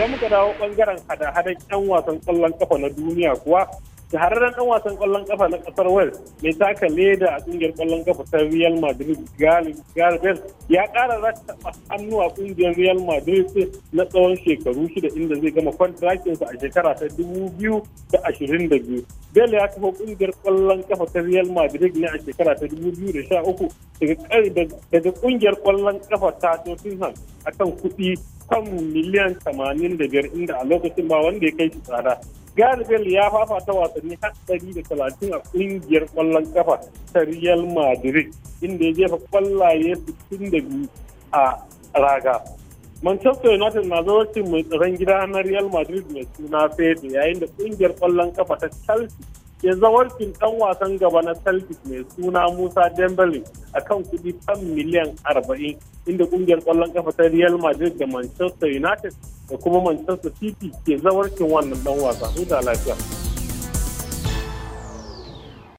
idan muka dawo bangaren hada-hadar 'yan wasan kwallon kafa na duniya kuwa shahararren dan wasan kwallon kafa na kasar wales mai taka leda a kungiyar kwallon kafa ta real madrid galibes ya kara rattaba hannu a kungiyar real madrid na tsawon shekaru shida inda zai gama kwantrakinsa a shekara ta 2022 bel ya kafa kungiyar kwallon kafa ta real madrid ne a shekara ta 2013 daga kungiyar kwallon kafa ta tottenham akan kuɗi kan miliyan 85 inda a lokacin ba wanda ya kai shi tsada galibin ya fafata wasanni har da talatin a kungiyar kwallon kafa ta Real Madrid inda ya jefa kwallaye sittin da biyu a raga. Manchester United na zarocin mai tsaron gida na Real Madrid mai suna fede yayin da kungiyar kwallon kafa ta Chelsea ke zawarcin dan wasan gaba na celtic mai suna musa dembele a kan kudi fan miliyan 40 inda kungiyar kwallon kafa ta real madrid da manchester united da kuma manchester city ke zawarcin wannan dan wasa da lafiya